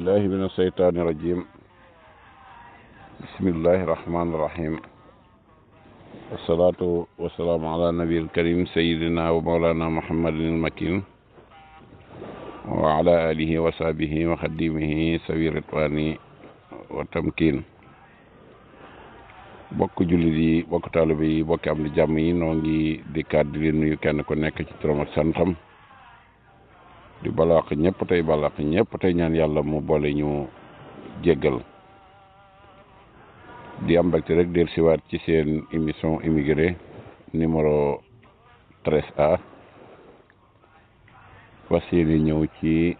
billahi min asheytaani irajim bismillahi irahmani irahim wasalaatu wasalaamu ala nabiil karim sayidina wa maulana muhammadin almakin wa ala alihi wa sahbihi wa xadimihi sawi ritwaani wa tamkin bokk jullit yi bokk taalibe yi bokk am di jàmm yi noo ngi dikkaat di leen nuyu kenn ku nekk ci turam ak santam di balaax ñëpp tey balaax ñëpp tey ñaan yàlla mu boole ñu jéggal di am mbégte rek del siwaat ci seen émission immigré numéro 13A fas ñëw ci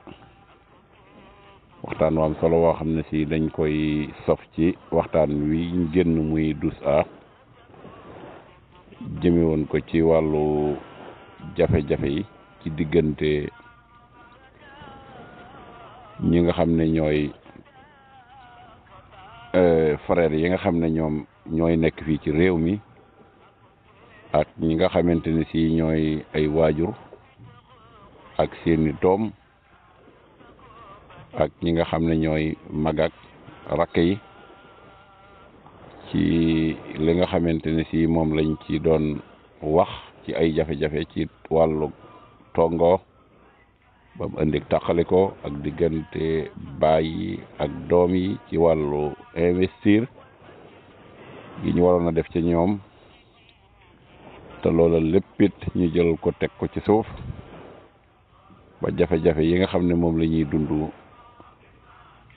waxtaan waam solo woo xam ne si dañ koy sof ci waxtaan wi ñu génn muy 12A jëme woon ko ci wàllu jafe-jafe yi ci diggante ñi nga xam ne ñooy euh, frères yi nga xam ne ñoom ñooy nekk fii ci réew mi ak ñi nga xamante ne si ñooy ay waajur ak seeni doom ak ñi nga xam ne ñooy mag ak yi ci li nga xamante ne si moom lañ ci doon wax ci ay jafe-jafe ci wàllu tongo ba mu indi taqali ko ak diggante baay ak doom yi ci wàllu investir yi ñu waroon def ci ñoom te loola léppit ñu jël ko teg ko ci suuf ba jafe-jafe yi nga xam ne moom lañuy ñuy dund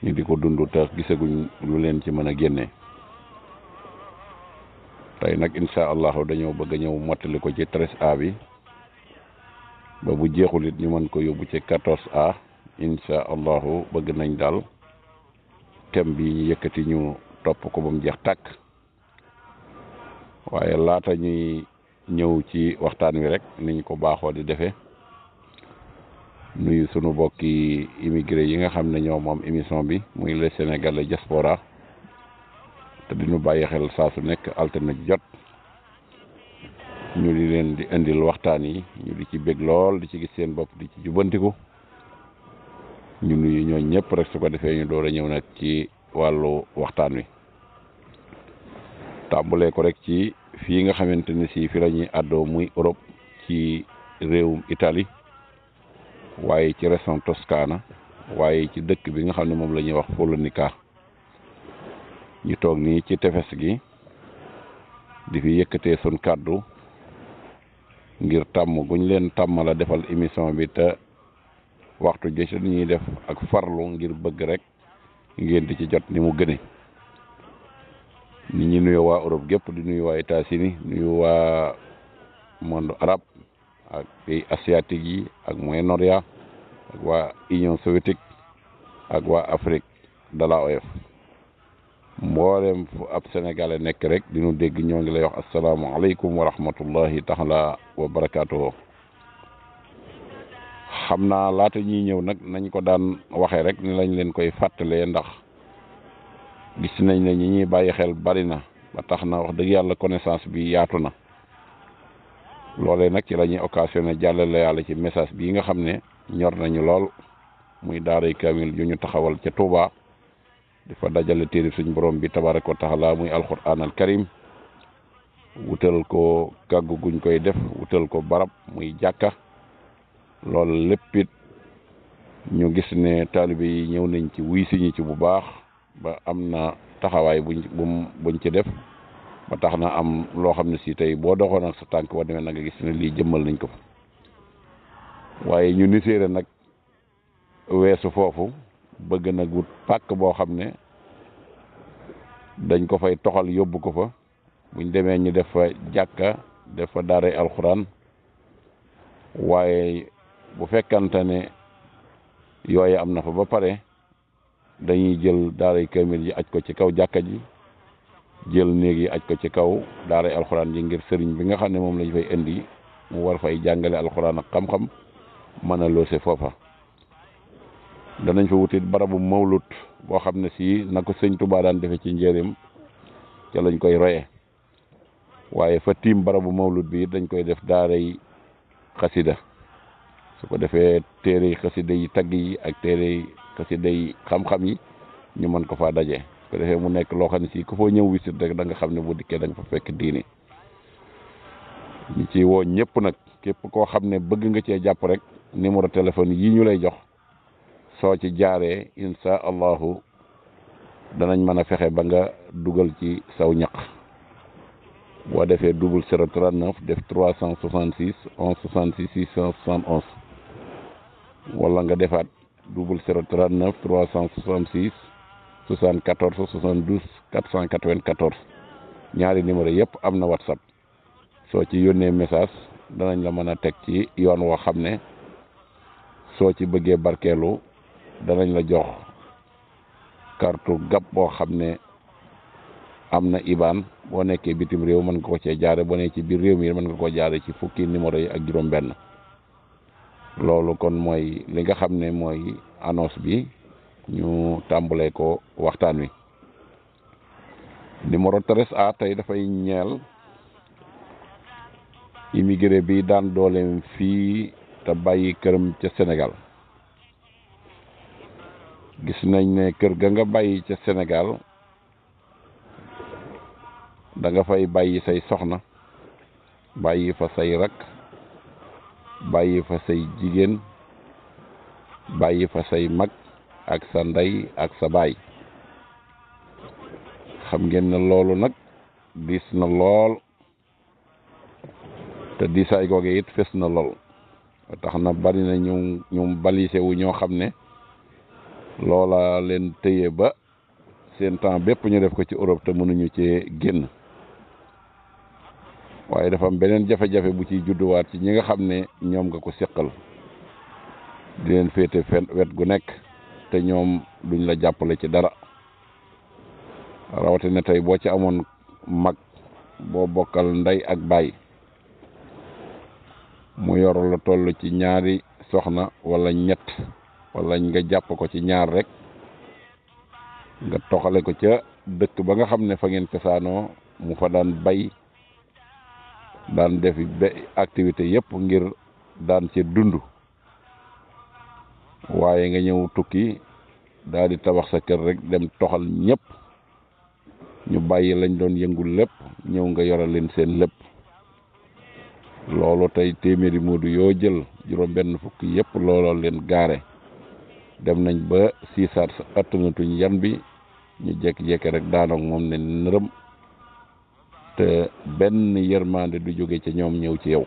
ñu di ko dund te gisaguñ lu leen ci mën a génne tey nag incha allahu dañoo bëgg ñëw mottali ko ci 13A bi ba bu jeexul it ñu mën ko yóbbu ci quatorze a incha allahu bëgg nañ daal thème bi ñu yëkkati ñu topp ko ba mu jeex tàkk waaye laata ñuy ñëw ci waxtaan wi rek niñ ko baaxoo di defee nuyu sunu bokki immigré yi nga xam ne ñoo moom émission bi muy les sénégalais diaspora te di ñu bàyyi xel saa su nekk altine jot. ñu di leen di indil waxtaan yi ñu di ci bég lool di ci gis seen bopp di ci jubantiku ñu nuyu ñooñ ñëpp rek su ko defee door a ñëw nag ci wàllu waxtaan wi tàmbulee ko rek ci fii nga xamante ni si fi lañuy ñuy àddoo muy Europe ci réewum itali waaye ci région Toscana waaye ci dëkk bi nga xam ne moom lañuy wax wax Follonica ñu toog nii ci tefes gi di fi yëkkatee sun kàddu ngir tàmm guñ leen tàmmala defal émission bi te waxtu ji ci ñuy def ak farlu ngir bëgg rek ngeen di ci jot ni mu gëne ni ñi nuyu waa Europe gépp di nuyu waa États-Unis nuyu waa monde arabe ak pays asiatique yi ak Moyen-Orient ak waa Union soviétique ak waa Afrique de l'AOF mboolem fu ab sénégalais nekk rek di nu dégg ñoo ngi lay wax asalaamaaleykum wa rahmatullahi taala wa barakaatuhu xam naa laata ñuy ñëw nag nañ ko daan waxee rek ni lañ leen koy fàttalee ndax gis nañ ne ñi ñuy bàyyi xel bari na ba tax na wax dëgg yàlla connaissance bi yaatu na loolee nag ci lañuy ñuy occasionné jàllale yàlla ci message bii nga xam ne ñor nañu lool muy daaray kamil ju ñu taxawal ca Touba. di dajale téere suñ borom bi tabaraka wa taala muy alquran al karim wutal ko kàggu guñ koy def wutal ko barab muy jàkka lool lépp ñu gis ne taalibe yi ñëw nañ ci wuy siñu ci bu baax ba am na taxawaay buñ buñ ci def ba tax na am loo xam ne si tey boo doxoon ak sa tànk wa demee na gis ne lii jëmmal nañ ko fa waaye ñu ni nag weesu foofu bëgg nag wut pàkk boo xam ne dañ ko fay toxal yóbbu ko fa buñ demee ñu def fa jàkka def fa daaray alxuraan waaye bu fekkante ne yooyu am na fa ba pare dañuy jël daaray kamil yi aj ko ci kaw jàkka ji jël néeg yi aj ko ci kaw daaray alxuraan ji ngir sëriñ bi nga xam ne moom lañu fay indi mu war fay jàngale alxuraan ak xam-xam mën a loose foofa danañ fa wutit barabu mawlut boo xam ne sii na ko sëñ Touba daan defe ci njëriñ ca lañ koy roye waaye fa tiim barabu mawlut bi dañ koy def daaray xasida su ko defee téere yi xasida yi tagg yi ak téere yi xasida yi xam-xam yi ñu mën ko faa daje su ko defee mu nekk loo xam ne sii ku foo ñëw wisit rek da nga xam ne bu dikkee da nga fekk diini ñu ci woo ñëpp nag képp koo xam ne bëgg nga cee jàpp rek numéro téléphone yi ñu lay jox soo ci jaaree insha allahu danañ mën a fexe ba nga dugal ci saw ñaq boo defee double zéro trente def trois cent soixante six onze soixante six six cent soixante onze wala nga defaat double sero trente neuf trois cent soixante six soixante quatorze soixante douze quatre cent quatorze ñaari numéro yëpp am na whatsapp soo ci yónnee message danañ la mën a teg ci yoon woo xam ne soo ci bëggee barkeelu danañ la jox kartu gab boo xam ne am na ibaan boo nekkee bitim réew mën nga ko cee jaare boo ne ci biir réew mi mën nga ko jaare ci fukki numéro yi ak juróom-benn loolu kon mooy li nga xam ne mooy annonce bi ñu tàmbalee ko waxtaan wi numéro 3A tey dafay ñeel immigré bi daan dooleem fii te bàyyi këram ca Sénégal gis nañ ne kër ga nga bàyyi ca Sénégal danga fay bàyyi say soxna bàyyi fa say rakk bàyyi fa say jigéen bàyyi fa say mag ak sa ndey ak sa baay xam ngeen ne loolu nag diis na lool te diisaay googe it fes na lool tax na bari na ñu ñu balise wu ñoo xam ne loola leen tëye ba seen temps bépp ñu def ko ci Europe te mënuñu ci génn waaye dafa am beneen jafe-jafe bu ciy judduwaat ci ñi nga xam ne ñoom nga ko seqal di leen féete fen wet gu nekk te ñoom duñ la jàppale ci dara rawatina tey boo ci amoon mag boo bokkal ndey ak baay mu yor la toll ci ñaari soxna walla ñett lañ nga jàpp ko ci ñaar rek nga toxale ko ca dëkk ba nga xam ne fa ngeen cosaanoo mu fa daan bay daan def ba activité yëpp ngir daan ci dund waaye nga ñëw tukki daal di tabax sa kër rek dem toxal ñëpp ñu bàyyi lañ doon yëngul lépp ñëw nga yore leen seen lépp loolu tey téeméeri moodu yoo jël juróom benn fukki yëpp looloo leen gaare dem nañ ba siisaat sa tuñ yan bi ñu jékki-jékki rek daanoog moom ne nërëm te benn yërmande du jóge ci ñoom ñëw ci yow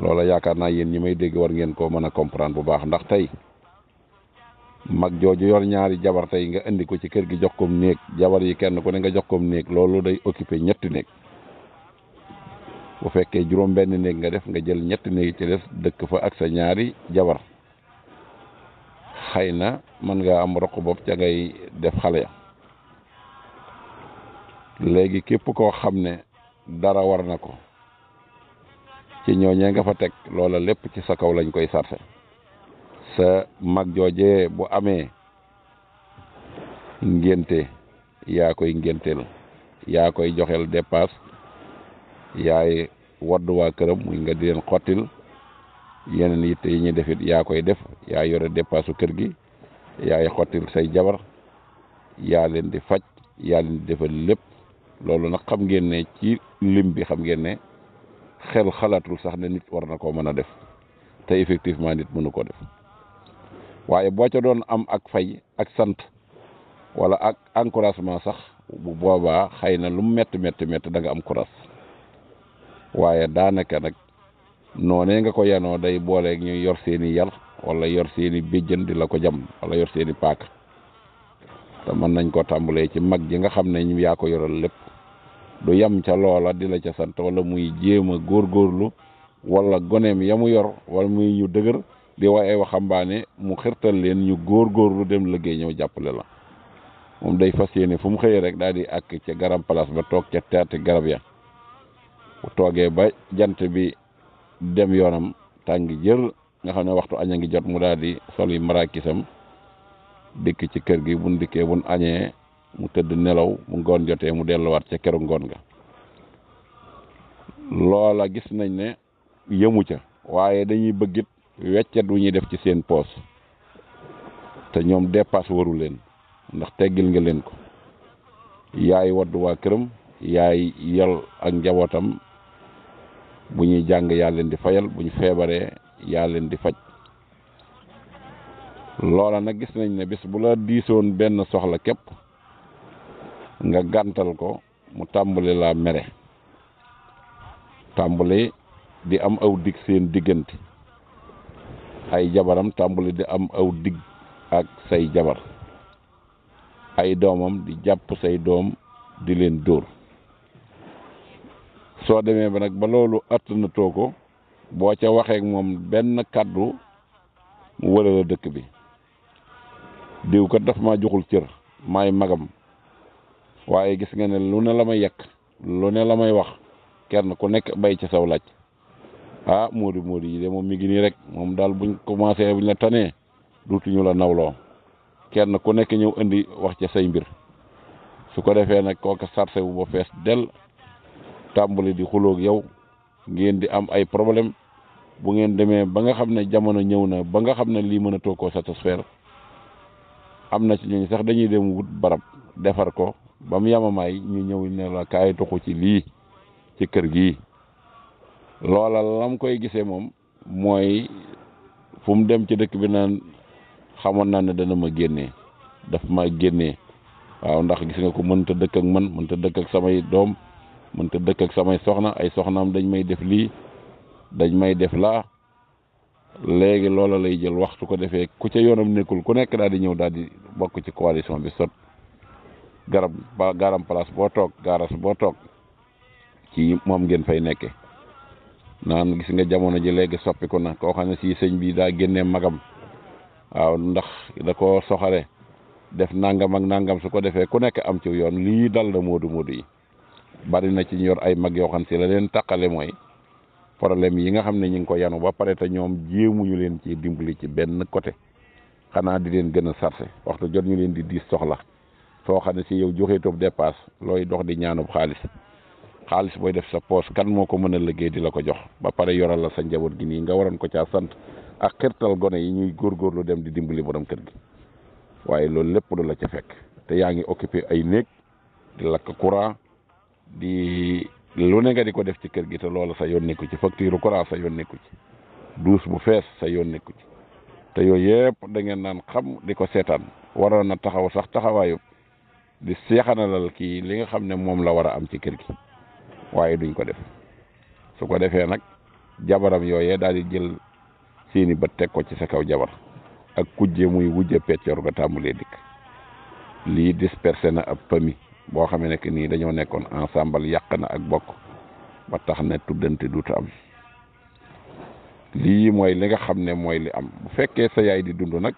loola yaakaar naa yéen ñi may dégg war ngeen koo mën a comprendre bu baax ndax tey mag jooju yor ñaari jabar tey nga indi ko ci kër gi jox koom néeg jabar yi kenn ko ne nga jox koom néeg loolu day occupé ñetti néeg bu fekkee juróom benn néeg nga def nga jël ñetti néeg ci des dëkk fa ak sa ñaari jabar xëy na mën nga am roq bopp ca ngay def xale ya léegi képp koo xam ne dara war na ko ci ñooñee nga fa teg loola lépp ci sa kaw lañ koy sarse sa mag joojee bu amee ngénte yaa koy ngénteel yaa koy joxel depas yaay wodd waa këram muy nga di leen xottil yeneen yitte yi ñuy def it yaa koy def yaa yore dépassu kër gi yaay xottil say jabar yaa leen di faj yaa leen di defal lépp loolu nag xam ngeen ne ci lim bi xam ngeen ne xel xalaatul sax ne nit war na koo mën a def te effectivement nit mënu ko def waaye boo ca doon am ak fay ak sant wala ak encouragement sax bu boobaa xëy na lu mu métti métti métti da am courage waaye daanaka nag. noonee nga ko yanoo day booleeg ñu yor seeni yar walla yor seeni béjjën di la ko jam wala yor seeni paak te mën nañ ko tàmbalee ci mag ji nga xam ne ñu yaa ko yoral lépp du yam ca loola di la ca sant wala muy jéem a góorlu wala goneem ya mu yor wala muy ñu dëgër di waaye waxambaane mu xirtal leen ñu góor góorgóorlu dem liggéey ñëw jàppale la moom day fas yéene fu mu xëyee rek daal di àkk ca garab place ba toog ca teati garab ya bu toogee ba jant bi dem yoonam tàng jër nga xam ne waxtu añ a ngi jot mu daal di sol yi dikk ci kër gi bu dikkee buñ añee mu tëdd nelaw mu ngoon jotee mu delluwaat ca këru ngoon ga loola gis nañ ne yëmu ca waaye dañuy bëggit weccet wu ñuy def ci seen poos te ñoom dépasse waru leen ndax teggil nga leen ko yaay waddu waa këram yaay yal ak njabootam bu ñuy jàng yaa leen di fayal bu ñu feebaree yaa leen di faj loola nag gis nañ ne bis bu la diisoon benn soxla képp nga gàntal ko mu tàmbali laa mere tàmbali di am aw dig seen diggante ay jabaram tàmbali di am aw digg ak say jabar ay doomam di jàpp say doom di leen dóor soo demee ba nag ba loolu na ko boo ca waxee moom benn kàddu mu wëra dëkk bi diw ko daf ma joxul cër maay magam waaye gis nga ne lu ne la may yekk lu ne la may wax kenn ku nekk bay ci saw laaj ah Modou Modou yi de moom mi ngi nii rek moom daal buñ commencé buñ la tanee duutuñu la nawloo kenn ku nekk ñëw indi wax ca say mbir su ko defee nag kooka sarse bu fees del tàmbali di xuloog yow ngeen di am ay problème bu ngeen demee ba nga xam ne jamono ñëw na ba nga xam ne lii mën a toog koo satisfaire am na ci ñooñu sax dañuy dem wut barab defar ko ba yamamaay ñu ñëw ne la kaay toxu ci lii ci kër gii loola lam koy gisee moom mooy fu mu dem ci dëkk bi naan xamoon naa ne dana ma génnee daf ma génnee waaw ndax gis nga ko mënta dëkk ak man mënta dëkk ak samay doom mën ta dëkk ak samay soxna ay soxnaam dañ may def lii dañ may def laa léegi loola lay jël waxtu ko defee ku ca yoonam nekkul ku nekk daal di ñëw daal di bokk ci coalition bi sot garab ba place boo toog garas boo toog ci moom ngeen fay nekke naan gis nga jamono ji léegi soppiku na koo xam ne si sëñ bi daa génnee magam waaw ndax da koo soxare def nangam ak nangam su ko defee ku nekk am ci yoon lii dal na moodu moodu yi bari na ci ñu yor ay mag yoo xam si la leen taqale mooy problème yi nga xam ne ñu ngi ko yanu ba pare te ñoom jéemuñu leen ci dimbali ci benn côté xanaa di leen gën a sarse waxtu jot ñu leen di diis soxla soo xam ne si yow joxeetoob dépasse looy dox di ñaanub xaalis xaalis booy def sa poos kan moo ko mën a liggéey di la ko jox ba pare yoral la sa njaboot gi nii nga waroon ko caa sant ak xirtal gone yi ñuy góorgóorlu dem di dimbali borom kër gi waaye loolu lépp du la ca fekk te yaa ngi occupé ay néeg di lakk courant di lu ne nga di ko def ci kër gi te loola sa yoon nekku ci facture courant sa yoon nekku ci duus bu fees sa yoon nekku ci te yooyu yëpp da ngeen naan xam di ko seetaan waroon na taxaw sax taxawaayu di seexanalal kii li nga xam ne moom la war a am ci kër gi waaye duñ ko def su ko defee nag jabaram yooye daal di jël seeni ba teg ko ci sa kaw jabar ak kujje muy wujje peccor ga tàmbulee dikk lii dispersé na ab famille boo xamee ne que nii dañoo nekkoon ensemble yàq na ak bokk ba tax ne tuddante duutu am lii mooy li nga xam ne mooy li am bu fekkee sa yaay di dund nag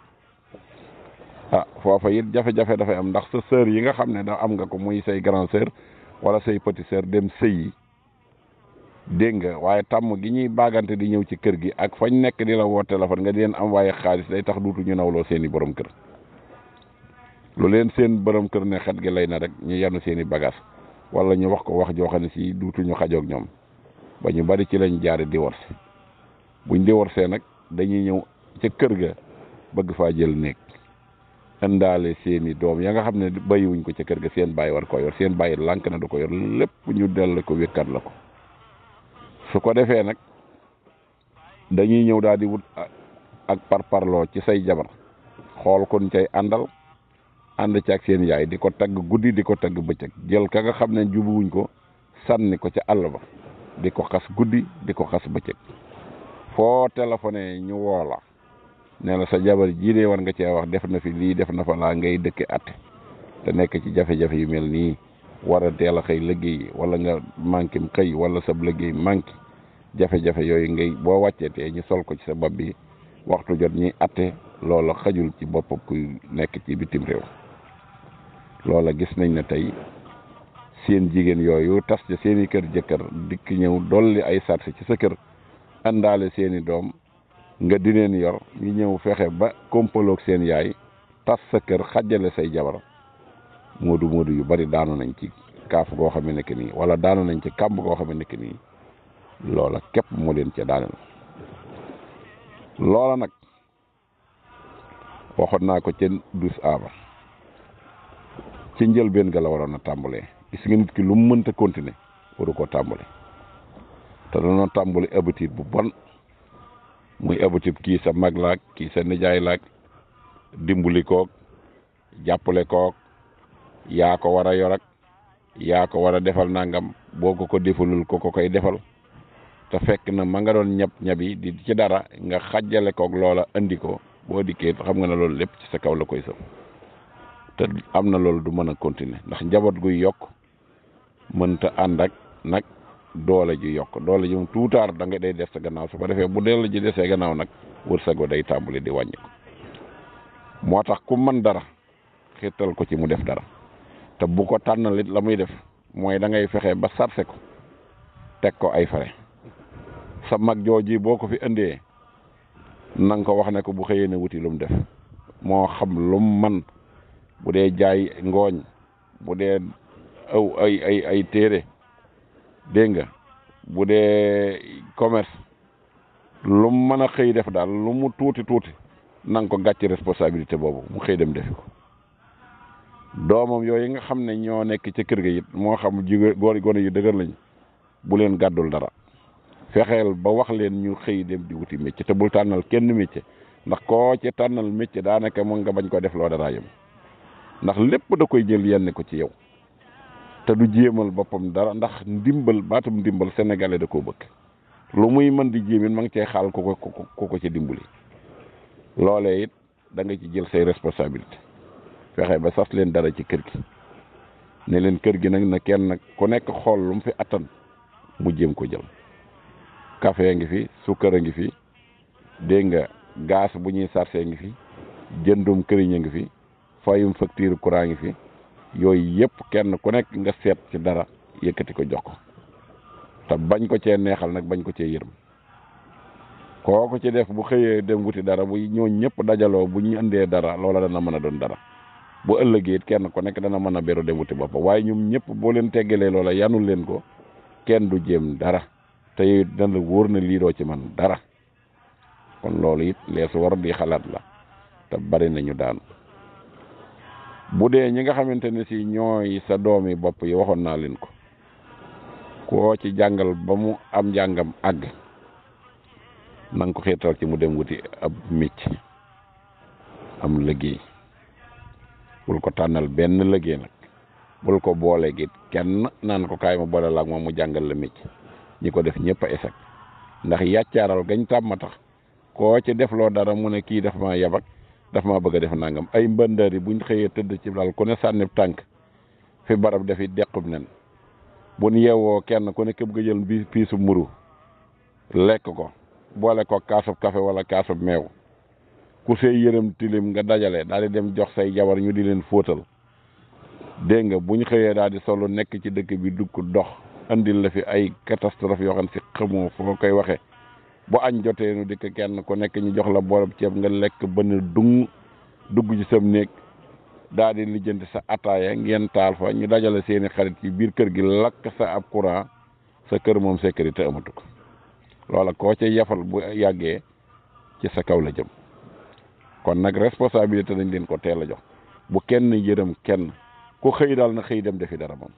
ah foofu it jafe-jafe dafay am ndax sa sœur yi nga xam ne da am nga ko muy say grand sœur wala say petit sœur dem sëyi dégg nga waaye tàmm gi ñuy bagante di ñëw ci kër gi ak fañ nekk di la woo téléphone nga di leen envoyé xaalis day tax duutu ñu nawloo seeni borom kër lu leen seen borom kër ne xat gi lay na rek ñu yanu seeni i bagage wala ñu wax ko wax joo xam ne si duutuñu xajoog ñoom ba ñu bari ci lañ jaare divorce buñ divorcé nag dañuy ñëw ca kër ga bëgg faa jël néeg indaale seen i doom ya nga xam ne bàyyiwuñ ko ca kër ga seen bàyyi war ko yor seen bàyyi lànk na du ko yor lépp ñu dell ko wékkat la ko su ko defee nag dañuy ñëw daal di wut ak parparloo ci say jabar xool kon cay àndal ànd ci ak seen yaay di ko tagg guddi di ko tagg bëccëg jël ka nga xam ne jubuwuñ ko sànni ko ca àll ba di ko xas guddi di ko xas bëccëg foo téléphoné ñu woo la ne sa jabar jii de war nga cee wax def na fi lii def na fa laa ngay dëkke atte te nekk ci jafe-jafe yu mel nii war a teel a xëy liggéey wala nga manqué mu xëy wala sa liggéey manqué jafe-jafe yooyu ngay boo wàccee te ñu sol ko ci sa bopp bi waxtu jot ñuy atte loola xajul ci boppam kuy nekk ci bitim loola gis nañ ne tey seen jigéen yooyu tas ca seeni kër jëkkër dikk ñëw dolli ay sàrt ci sa kër àndaale seeni doom nga di leen yor ñu ñëw fexe ba kompaloog seen yaay tas sa kër xajale say jabar moodu moodu yu bari daanu nañ ci kaaf goo xam ne nii wala daanu nañ ci kàmb goo xam ne nii loola képp moo leen ca daaneel loola nag waxoon naa ko ca dus aaba ca njëlbeen ga la waroon a tàmbalee gis nga nit ki lu mu te continuer waru koo tàmbali te dana tàmbali habitude bu bon muy habitude kii sa mag laag kii sa nijaay laag dimbali koog jàppale koog yaa ko war a yor yaa ko war a defal nangam boo ko ko defalul ko ko koy defal te fekk na ma nga doon ñab ñabi di ci dara nga xàjjale koog loola andi ko boo dikkee xam nga ne loolu lépp ci sa kaw la koy so te am na loolu du mën a continuer ndax njaboot guy yokk mënta ànd ak nag doole ji yokk doole ji mu tuutaar da nga day des sa gannaaw su ko defee bu doole ji desee gannaaw nag wërsëgo day tàmbali di wàññi moo tax ku mën dara xirtal ko ci mu def dara te bu ko tànnalit la muy def mooy dangay fexee fexe ba sarse ko teg ko ay fare sa mag jooji boo ko fi indee na ko wax ne ko bu xëyee ne wuti lu mu def moo xam lu man bu dee jaay ngooñ bu dee aw ay ay téere dégg nga bu dee commerce lu mu mën a xëy def daal lu mu tuuti tuuti na nga ko gàcce responsabilité boobu mu xëy dem defi ko doomam yooyu nga xam ne ñoo nekk ca kër ga it moo xam jigéen góor gone yu dëgër lañ bu leen gàddul dara fexeel ba wax leen ñu xëy dem di wuti métier te bul tànnal kenn métier ndax koo ci tànnal métier daanaka mën nga bañ koo def loo dara yam ndax lépp da koy jël yenn ko ci yow te du jéemal boppam dara ndax ndimbal baatum ndimbal sénégalais da koo bëgg lu muy mën di jéemin ma ngi cay xaal ko ko ku ko ci dimbali loole it da nga ci jël say responsabilité fexe ba sas leen dara ci kër gi ne leen kër gi nag na kenn nag ku nekk xool lu mu fi attan mu jéem ko jël café ngi fi sukkar a ngi fi dégg nga gaz bu ñuy sarse ngi fi jëndum këriñ a ngi fi fayum facture courant ngi fi yooyu yëpp kenn ku nekk nga seet ci dara yëkkati ko jox ko te bañ ko cee neexal nag bañ ko cee yërëm kooku ci def bu xëyee dem wuti dara bu ñoo ñëpp dajaloo bu ñu dara loola dana mën a doon dara bu ëllëgee it kenn ku nekk dana mën a beru dem wuti boppam waaye ñoom ñëpp boo leen teggalee loola yanul leen ko kenn du jéem dara te yow dana wóor na lii ci man dara kon loolu it leesu war di xalaat la te bari nañu daanu bu dee ñi nga xamante ne si ñooy sa doom yi bopp yi waxoon naa leen ko koo ci jàngal ba mu am jàngam àgg na nga ko xeetal ci mu dem wuti ab micc am liggéey bul ko tànnal benn liggéey nag bul ko boole gi kenn naan ko kaay ma boole la moom mu jàngal la micc ñi ko def ñëpp a échec ndax yàccaaral gañ tàmm tax koo ci defloo dara mu ne kii def ma yabak daf ma bëgg a def nangam ay mbëndër bu ñu xëyee tëdd ci daal ku ne sànni tànk fi barab dafi dequb nen buñ yeewoo kenn ku ne képp nga jël bi piisu mburu lekk ko boole ko kaasub kafe wala kaasub meew ku see yërëm tilim nga dajale daal di dem jox say jabar ñu di leen fóotal dégg nga buñ xëyee daal di solo nekk ci dëkk bi dugg dox andil la fi ay catastrophe yoo xam si xamoo foo koy waxee bu añ jotee nu dikk kenn ku nekk ñu jox la borob ceeb nga lekk ba ne dung dugg ci sam néeg daal di lijjanti sa ataaya ngeen taal fa ñu dajale seeni xarit yi biir kër gi lakk sa ab courant sa kër moom securité amatu ko loola koo ca yafal bu yàggee ci sa kaw la jëm kon nag responsabilité dañ leen ko teel a jox bu kenn yërëm kenn ku xëy daal na xëy dem defi dara moom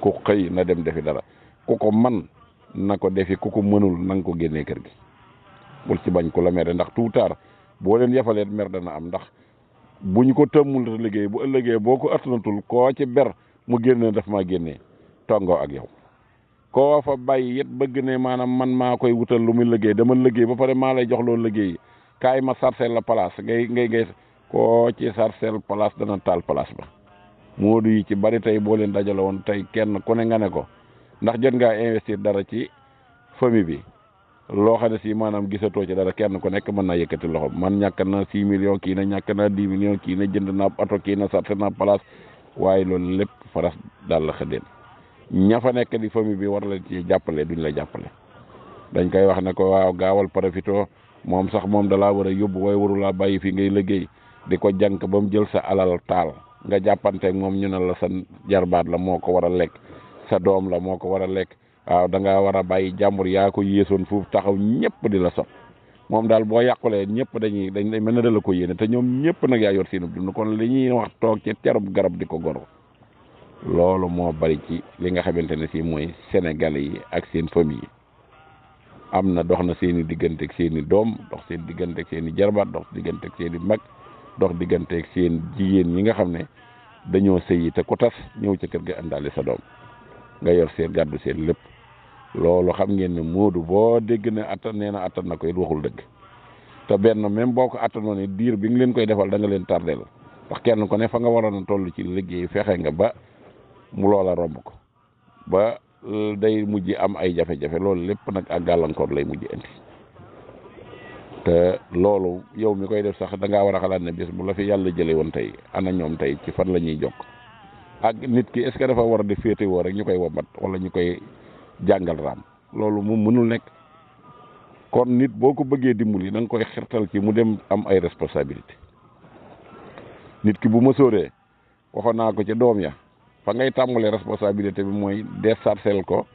ku xëy na dem defi dara ku ko man na ko defi ku ko mënul na nga ko génnee kër gi bul ci bañ ku la mere ndax tout tard boo leen yafalee mer dana am ndax bu ñu ko tëmmul te liggéey bu ëllëgee boo ko attanatul koo ci ber mu génne daf maa génnee tongoo ak yow koo fa bàyyi it bëgg ne maanaam man maa koy wutal lu mu liggéey dama liggéey ba pare maa lay jox loolu liggéey kaay ma sarcel la place ngay ngay ngay koo ci sarcel place dana taal place ba moodu yi ci bari tey boo leen dajale woon tey kenn ku ne nga ne ko ndax jot nga investir dara ci famille bi loo xam ne si maanaam gisatoo ci dara kenn ko nekk mën na yëkkati loxo man ñàkk na six millions kii na ñàkk na dix millions kii na jënd naa oto kii na sart naa place waaye loolu lépp faras daal la xëddeen ñafa nekk di famille bi war la ci jàppale duñ la jàppale dañ koy wax ne ko waaw gaawal profito moom sax moom dalaa war a yóbbu waaye warulaa bàyyi fi ngay liggéey di ko jànk ba mu jël sa alal taal nga jàppanteeg moom ñu la sa jarbaat la moo ko war lekk sa doom la moo ko war a lekk waaw da ngaa war a bàyyi jàmbur yaa ko yéesoon foofu taxaw ñëpp di la sot moom daal boo yàqulee ñëpp dañuy dañ dañ mel ne da ko yéene te ñoom ñëpp nag yaa yor seen dund kon li ñuy wax toog ci terub garab di ko goro loolu moo bari ci li nga xamante ne si mooy Sénégalais yi ak seen yi am na dox na seen diggante ak seen doom dox seen diggante ak seen i jarbaat dox diggante ak seen i mag dox diggante ak seen jigéen ñi nga xam ne dañoo sëyi te ku ñëw ca kër ga àndaale sa doom nga yor seen gàddu seen lépp loolu xam ngeen ne Moodu boo dégg ne attan nee na attan na koy it waxul dëgg te benn même boo ko attanoon it diir bi nga leen koy defal da nga leen tardeel ndax kenn ko ne fa nga waroon a toll ci liggéey fexe nga ba mu loola romb ko ba euh, day mujj am ay jafe-jafe loolu lépp nag ak gàllankoor lay mujj yow mi koy def sax da ngaa war a xalaat ne bis bu la fi yàlla jëlee woon tey ana ñoom tey ci fan la ñuy jokk ak nit ki est dafa war a di féete woo rek ñu koy womat wala ñu koy jàngal raam loolu moom mënul nekk kon nit boo ko bëggee dimbali yi danga koy xirtal ci mu dem am ay responsabilité nit ki bu ma sóoree waxoon naa ko ci doom ya fa ngay tàmbalee responsabilité bi mooy déchargeel ko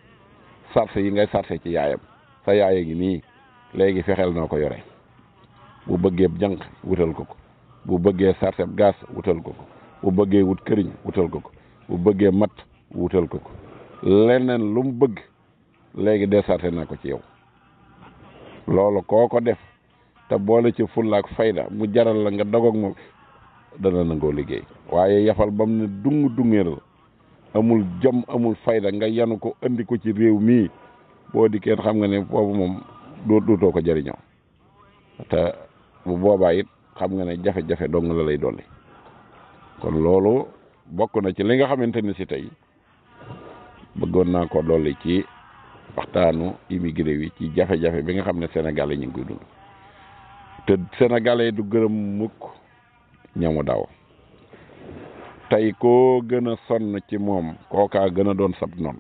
charge yi ngay sarse ci yaayam sa yaaya ngi nii léegi fexeel noo ko yore bu bëggee janq wutal ko ko bu bëggee charge gaz wutal ko ko bu bëggee wut këriñ wutal ko ko bu bëggee mat wutal ko ko leneen lu mu bëgg léegi desarte naa ko ci yow loolu koo ko def te boole ci fulla ak fayda mu jaral la nga dogoog moom dana nangoo liggéey waaye yafal bam ne dung dungeeral amul jom amul fayda nga yanu ko andi ko ci réew mii boo di kenn xam nga ne boobu moom duutoo ko jëriñoo te bu boobaa it xam nga ne jafe-jafe dong la lay doole kon loolu bokk na ci li nga xamante ni si tey bëggoon naa ko dolli ci waxtaanu immigré wi ci jafe-jafe bi nga xam ne Sénégal ñu ngi koy dund te sénégalais du gërëm mukk ñamu daw tey koo gën a sonn ci moom kookaa gën a doon sab noonu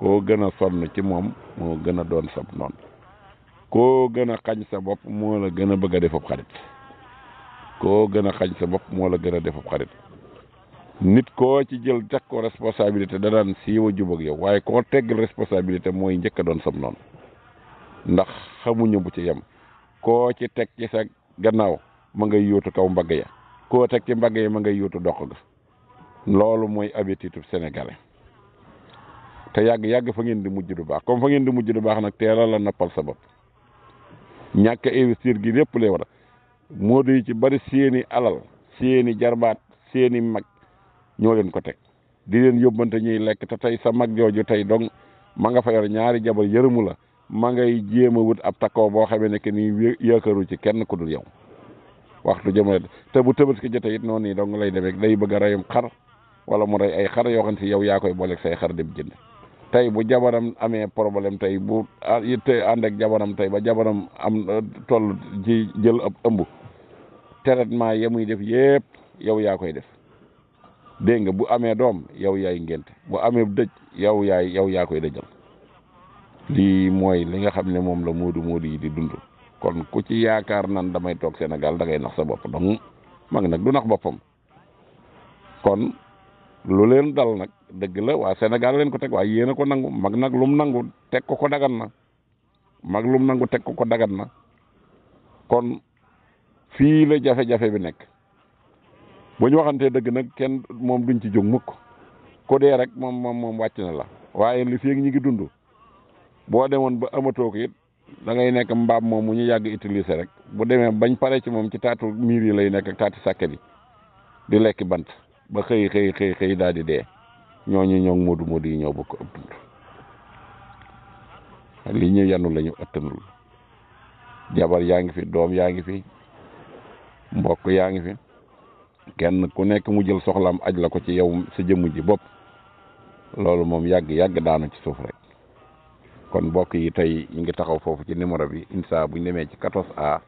koo gën a sonn ci moom moo gën a doon sab noonu koo gën a xañ sa bopp moo la gën a bëgg a defab xarit koo gën a xañ sa bopp moo la gën a defab xarit nit koo ci jël teg ko responsabilité danaan siiwa jubag yow waaye koo tegg responsabilité mooy njëkk doon sam noonu ndax xamuñu bu ci yem koo ci teg ci sa gannaaw ma ngay yóotu kaw mbagg ya koo teg ci mbagg ya ma ngay yóotu dox ga loolu mooy habitude sénégalais te yàgg yàgg fa ngeen di mujj du baax comme fa ngeen di mujj du baax nag teela la nappal sa bopp ñàkk investir gi lépp lay war a moo di ci bari seeni alal seeni jarbaat seeni mag ñoo leen ko teg di leen yóbbante ñuy lekk te tey sa mag jooju tey dong ma nga fa yor ñaari jabar yërëmu la ma ngay jéem a wut ab takkoo boo xamee ne que nii yaakaaru ci kenn ku dul yow waxtu jëmale te bu Tabaski jotee it noonu nii dong lay demee day bëgg a reyum xar wala moo rey ay xar yoo xam si yow yaa koy booleeg say xar dem jënd tey bu jabaram amee problème tey bu it ànd ak jabaram tey ba jabaram am toll ci jël ab ëmb traitement ya muy def yëpp yow yaa koy def. dégg nga bu amee doom yow yaay ngénte bu amee dëj yow yaay yow yaa koy dëjal lii mooy li nga xam ne moom la moodu moodu yi di kon ku ci yaakaar nan damay toog senegal da ngay nax sa bopp donc mag nag du nax boppam kon lu leen dal nag dëgg la waa Sénégal leen ko teg waaye yéen ko nangu mag nag lum nangu teg ko ko dagan na mag lum nangu teg ko ko dagan na kon fii la jafe-jafe bi nekk bu ñu waxantee dëgg nag kenn moom duñ ci jóg mukk ku dee rek moom moom moom wàcc na la waaye li fi fii ñi ngi dund boo demoon ba amatoo ko it da ngay nekk mbaam moom mu ñu yàgg utilise rek bu demee bañ pare ci moom ci taatu miir yi lay nekk taati sàkket yi di lekki bant ba xëy xëy xëy xëy daal di dee ñooñu ñoo moodu moodu yi ñoo bokk ab dund li ñuy yanu lañu ñu ëttanul jabar yaa ngi fi doom yaa ngi fi mbokk yaa ngi fi kenn ku nekk mu jël soxlaam aj la ko ci yow sa jëmm ji bopp loolu moom yàgg-yàgg daanu ci suuf rek kon mbokk yi tey ñu ngi taxaw foofu ci numéro bi insa bu ñu demee ci 14A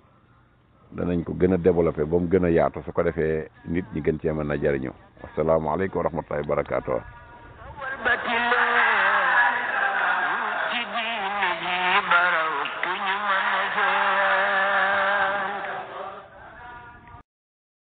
danañ ko gën a développé ba mu gën a yaatu su ko defee nit ñi gën cee mën a jëriñu asalaamaaleykum wa rahmatullahi wa barakaatu